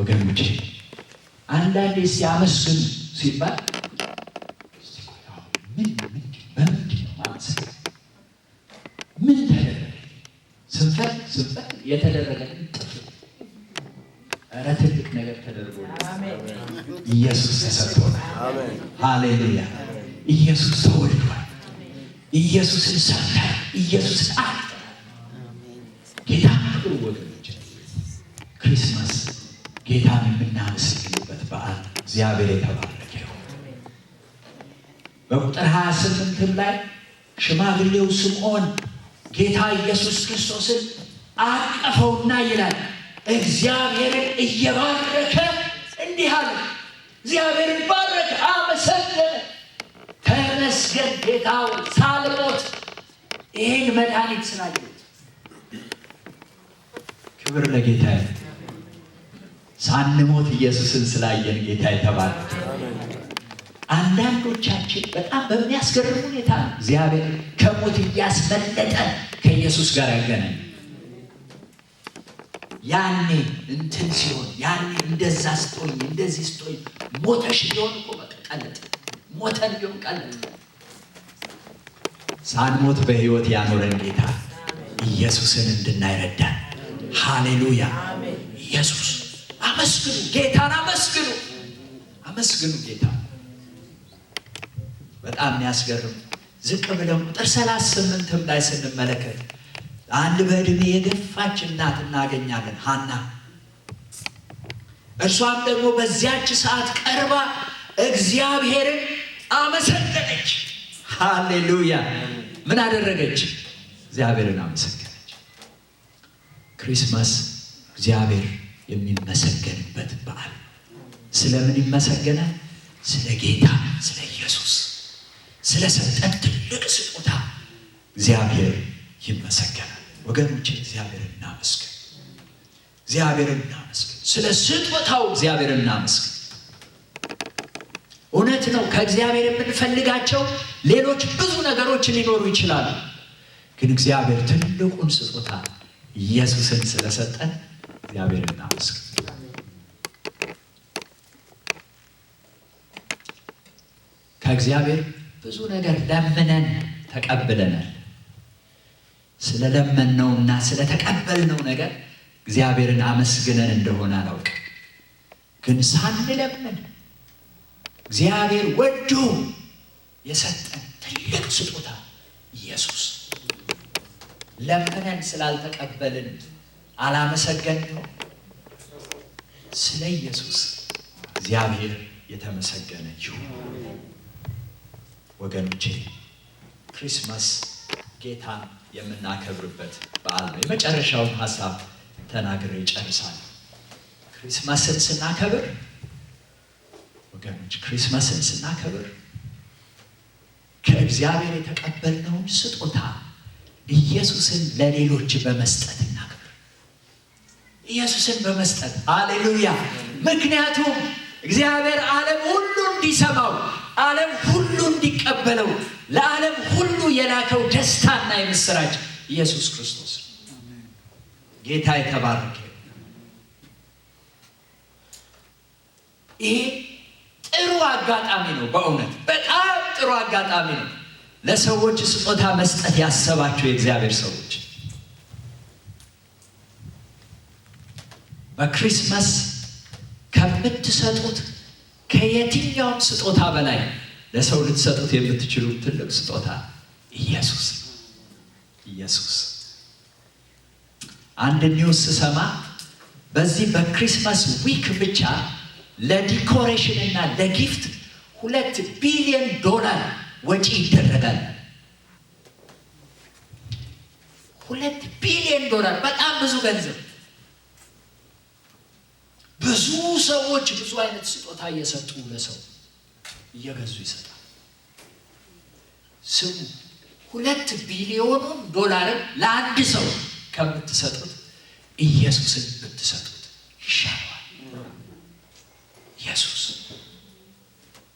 ወገኖች አንዳንዴ ሲያመስግን ሲባል ምን ተደረገ? ስንፈት ስንፈት የተደረገ ኧረ ትልቅ ነገር ተደርጎ ኢየሱስ ተሰጥቶናል። ሃሌሉያ! ኢየሱስ ተወልዷል። ኢየሱስን ሰምተናል። ኢየሱስን ጌታን የምናመሰግንበት በዓል እግዚአብሔር የተባረከ ይሁን። በቁጥር ሀያ ስምንትም ላይ ሽማግሌው ስምዖን ጌታ ኢየሱስ ክርስቶስን አቀፈውና ይላል እግዚአብሔርን እየባረከ እንዲህ አለ። እግዚአብሔርን ባረከ፣ አመሰገነ። ተመስገን ጌታው ሳልሞት ይህን መድኃኒት ስላየሁት ክብር ለጌታ ሳንሞት ኢየሱስን ስላየን ጌታ የተባለ አንዳንዶቻችን በጣም በሚያስገርም ሁኔታ እግዚአብሔር ከሞት እያስመለጠ ከኢየሱስ ጋር ያገናኝ። ያኔ እንትን ሲሆን ያኔ እንደዛ ስጦኝ እንደዚህ ስጦኝ ሞተሽ ቢሆን እኮ ቀለጥ ሞተን ቢሆን ቀለጥ። ሳንሞት በህይወት ያኖረን ጌታ ኢየሱስን እንድናይረዳን። ሃሌሉያ ኢየሱስ አመስግኑ ጌታን አመስግኑ አመስግኑ ጌታ በጣም የሚያስገርም ዝቅ ብለው ቁጥር ሰላሳ ስምንትም ላይ ስንመለከት አንድ በዕድሜ የገፋች እናት እናገኛለን ሀና እርሷም ደግሞ በዚያች ሰዓት ቀርባ እግዚአብሔርን አመሰገነች ሃሌሉያ ምን አደረገች እግዚአብሔርን አመሰገነች ክሪስማስ እግዚአብሔር የሚመሰገንበት በዓል ስለምን ይመሰገናል? ስለ ጌታ ስለ ኢየሱስ ስለ ሰጠን ትልቅ ስጦታ እግዚአብሔር ይመሰገናል። ወገኖች እግዚአብሔር እናመስግን፣ እግዚአብሔር እናመስግን፣ ስለ ስጦታው እግዚአብሔር እናመስግን። እውነት ነው። ከእግዚአብሔር የምንፈልጋቸው ሌሎች ብዙ ነገሮች ሊኖሩ ይችላሉ። ግን እግዚአብሔር ትልቁን ስጦታ ኢየሱስን ስለሰጠን እግዚአብሔር እናመስግን። ከእግዚአብሔር ብዙ ነገር ለምነን ተቀብለናል። ስለለመንነውና ስለተቀበልነው ነገር እግዚአብሔርን አመስግነን እንደሆነ አላውቅም። ግን ሳንለምን እግዚአብሔር ወዶ የሰጠን ትልቅ ስጦታ ኢየሱስ ለምነን ስላልተቀበልን አላመሰገንከው? ስለ ኢየሱስ እግዚአብሔር የተመሰገነ ይሁን። ወገኖቼ ክሪስማስ ጌታን የምናከብርበት በዓል ነው። የመጨረሻውን ሀሳብ ተናግሬ ይጨርሳል። ክሪስማስን ስናከብር ወገኖች፣ ክሪስማስን ስናከብር ከእግዚአብሔር የተቀበልነውን ስጦታ ኢየሱስን ለሌሎች በመስጠት ኢየሱስን በመስጠት አሌሉያ። ምክንያቱም እግዚአብሔር ዓለም ሁሉ እንዲሰማው፣ ዓለም ሁሉ እንዲቀበለው፣ ለዓለም ሁሉ የላከው ደስታና የምስራች ኢየሱስ ክርስቶስ ጌታ የተባረከ ይሄ ጥሩ አጋጣሚ ነው። በእውነት በጣም ጥሩ አጋጣሚ ነው። ለሰዎች ስጦታ መስጠት ያሰባቸው የእግዚአብሔር ሰዎች በክሪስማስ ከምትሰጡት ከየትኛውም ስጦታ በላይ ለሰው ልትሰጡት የምትችሉ ትልቅ ስጦታ ኢየሱስ ኢየሱስ። አንድ ኒውስ ስሰማ በዚህ በክሪስማስ ዊክ ብቻ ለዲኮሬሽን እና ለጊፍት ሁለት ቢሊዮን ዶላር ወጪ ይደረጋል። ሁለት ቢሊዮን ዶላር በጣም ብዙ ገንዘብ ብዙ ሰዎች ብዙ አይነት ስጦታ እየሰጡ ለሰው እየገዙ ይሰጣል። ስሙ ሁለት ቢሊዮኑን ዶላርን ለአንድ ሰው ከምትሰጡት ኢየሱስን ብትሰጡት ይሻለዋል። ኢየሱስ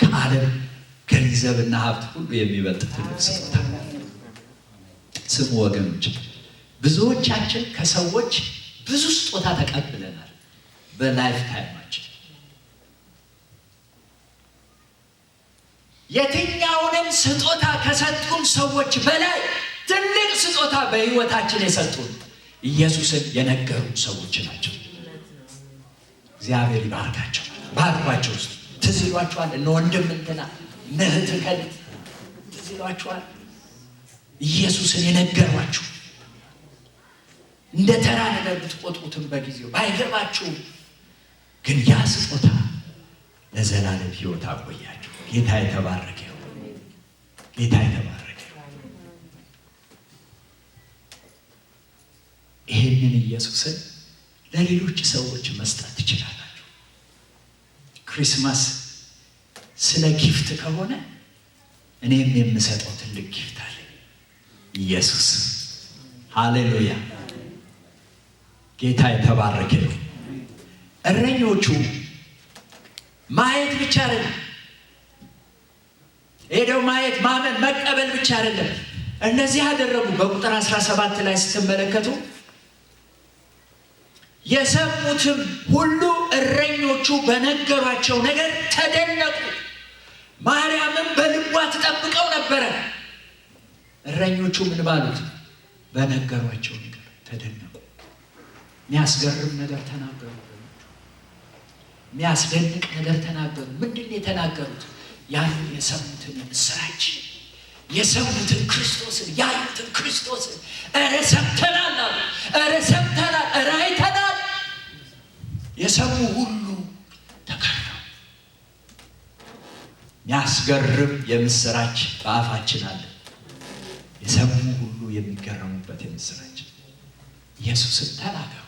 ከዓለም ገንዘብና ሀብት ሁሉ የሚበልጥ ትልቅ ስጦታ። ስሙ ወገኖች፣ ብዙዎቻችን ከሰዎች ብዙ ስጦታ ተቀብለናል። በላይፍ ታይማችን የትኛውንም ስጦታ ከሰጡን ሰዎች በላይ ትልቅ ስጦታ በህይወታችን የሰጡን ኢየሱስን የነገሩ ሰዎች ናቸው። እግዚአብሔር ይባርካቸው። ባርኳቸው ውስጥ ትዝ እነ ወንድም እንትና ንህት እህት ከልት ትዝ ኢየሱስን የነገሯችሁ እንደ ተራ ነገር ብትቆጥቁትም በጊዜው ባይገባችሁም ግን ያ ስጦታ ለዘላለም ህይወት አቆያቸው። ጌታ የተባረከ ጌታ የተባረከ ይህንን ኢየሱስን ለሌሎች ሰዎች መስጠት ትችላላችሁ። ክሪስማስ ስለ ጊፍት ከሆነ እኔም የምሰጠው ትልቅ ጊፍት አለ። ኢየሱስ ሃሌሉያ! ጌታ የተባረከ ነው። እረኞቹ ማየት ብቻ አይደለም፣ ሄደው ማየት ማመን መቀበል ብቻ አይደለም። እነዚህ ያደረጉ በቁጥር 17 ላይ ስትመለከቱ የሰሙትም ሁሉ እረኞቹ በነገሯቸው ነገር ተደነቁ። ማርያምም በልቧ ትጠብቀው ነበረ። እረኞቹ ምን ባሉት? በነገሯቸው ነገር ተደነቁ። የሚያስገርም ነገር ተናገሩ። የሚያስደንቅ ነገር ተናገሩ። ምንድን የተናገሩት? ያን የሰሙትን ምስራች የሰሙትን ክርስቶስን ያዩትን ክርስቶስን እረ ሰምተናል አሉ። እረ ሰምተናል፣ እረ አይተናል። የሰሙ ሁሉ ተከራ የሚያስገርም የምስራች በአፋችን አለ። የሰሙ ሁሉ የሚገረሙበት የምስራች ኢየሱስን ተናገሩ።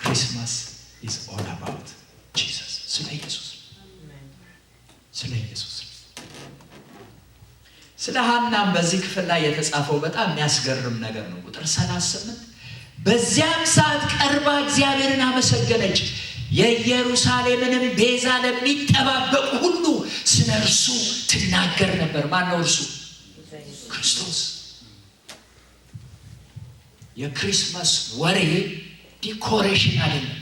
ክሪስማስ ኢዝ ኦል አባውት ስለ ኢየሱስ ስለ ኢየሱስ ስለ ሀናም በዚህ ክፍል ላይ የተጻፈው በጣም የሚያስገርም ነገር ነው። ቁጥር 38 በዚያም ሰዓት ቀርባ እግዚአብሔርን አመሰገነች። የኢየሩሳሌምንም ቤዛ ለሚጠባበቁ ሁሉ ስለ እርሱ ትናገር ነበር። ነው እርሱ? ክርስቶስ። የክሪስማስ ወሬ ዲኮሬሽን አይደለም።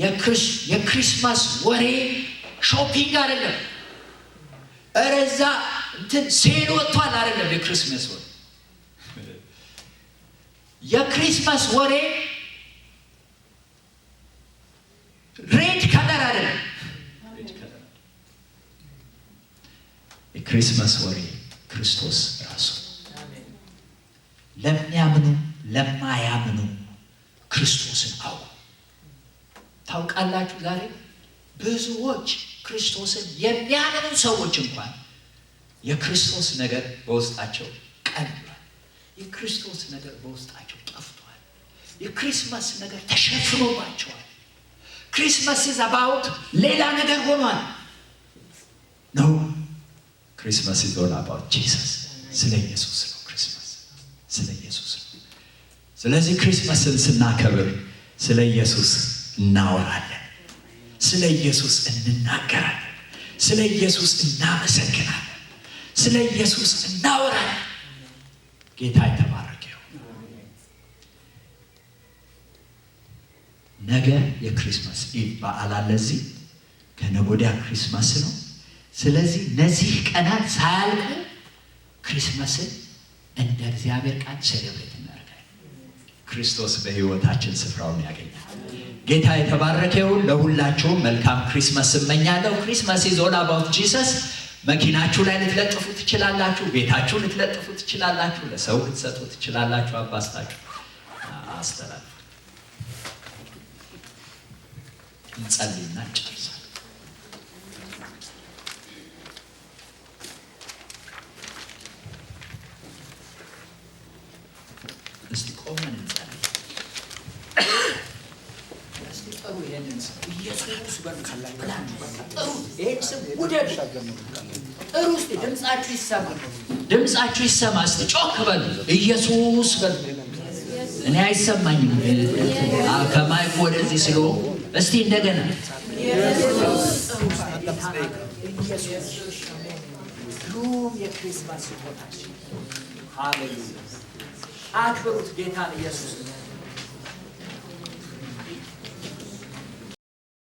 የክሪስማስ ወሬ ሾፒንግ አይደለም። እረዛ እንትን ሴል ወጥቷል አይደለም። የክሪስማስ ወሬ የክሪስማስ ወሬ ሬድ ከለር አይደለም። የክሪስማስ ወሬ ክርስቶስ ራሱ ለሚያምኑ ለማያምኑ ክርስቶስን አውቁ። ታውቃላችሁ ዛሬ ብዙዎች ክርስቶስን የሚያምኑ ሰዎች እንኳን የክርስቶስ ነገር በውስጣቸው ቀንቷል። የክርስቶስ ነገር በውስጣቸው ጠፍቷል። የክሪስማስ ነገር ተሸፍኖባቸዋል። ክሪስማስ ኢዝ አባውት ሌላ ነገር ሆኗል። ነው ክሪስማስ ኢዝ ኦል አባውት ጂሰስ። ስለ ኢየሱስ ነው ክሪስማስ፣ ስለ ኢየሱስ ነው። ስለዚህ ክሪስማስን ስናከብር ስለ ኢየሱስ እናወራለን። ስለ ኢየሱስ እንናገራለን። ስለ ኢየሱስ እናመሰግናለን። ስለ ኢየሱስ እናወራለን። ጌታ የተባረከ ነገ የክሪስማስ ኢቭ በዓል አለ። እዚህ ከነገ ወዲያ ክሪስማስ ነው። ስለዚህ እነዚህ ቀናት ሳያልቅ ክሪስመስን እንደ እግዚአብሔር ቃል ሴሌብሬት እናደርጋለን። ክርስቶስ በሕይወታችን ስፍራውን ያገኛል። ጌታ የተባረከው ለሁላችሁም መልካም ክሪስማስ እመኛለሁ። ክሪስማስ ኢዝ ኦል አባውት ጂሰስ። መኪናችሁ ላይ ልትለጥፉ ትችላላችሁ፣ ቤታችሁ ልትለጥፉ ትችላላችሁ፣ ለሰው ልትሰጡ ትችላላችሁ። አባስታችሁ አስተላል እንጸልይና ጨርሳል። እስቲ ቆመን ይህንን ኢየሱስ በሉ ጥሩ። ድምጻችሁ ይሰማ፣ ድምጻችሁ ይሰማ። እስኪ ጮክ በሉ ኢየሱስ በሉ። እኔ አይሰማኝም ከማይኩ ወደዚህ ስለሆነ፣ እስቲ እንደገና የክሪስማስ ቦታ አክብሩት ጌታን ኢየሱስ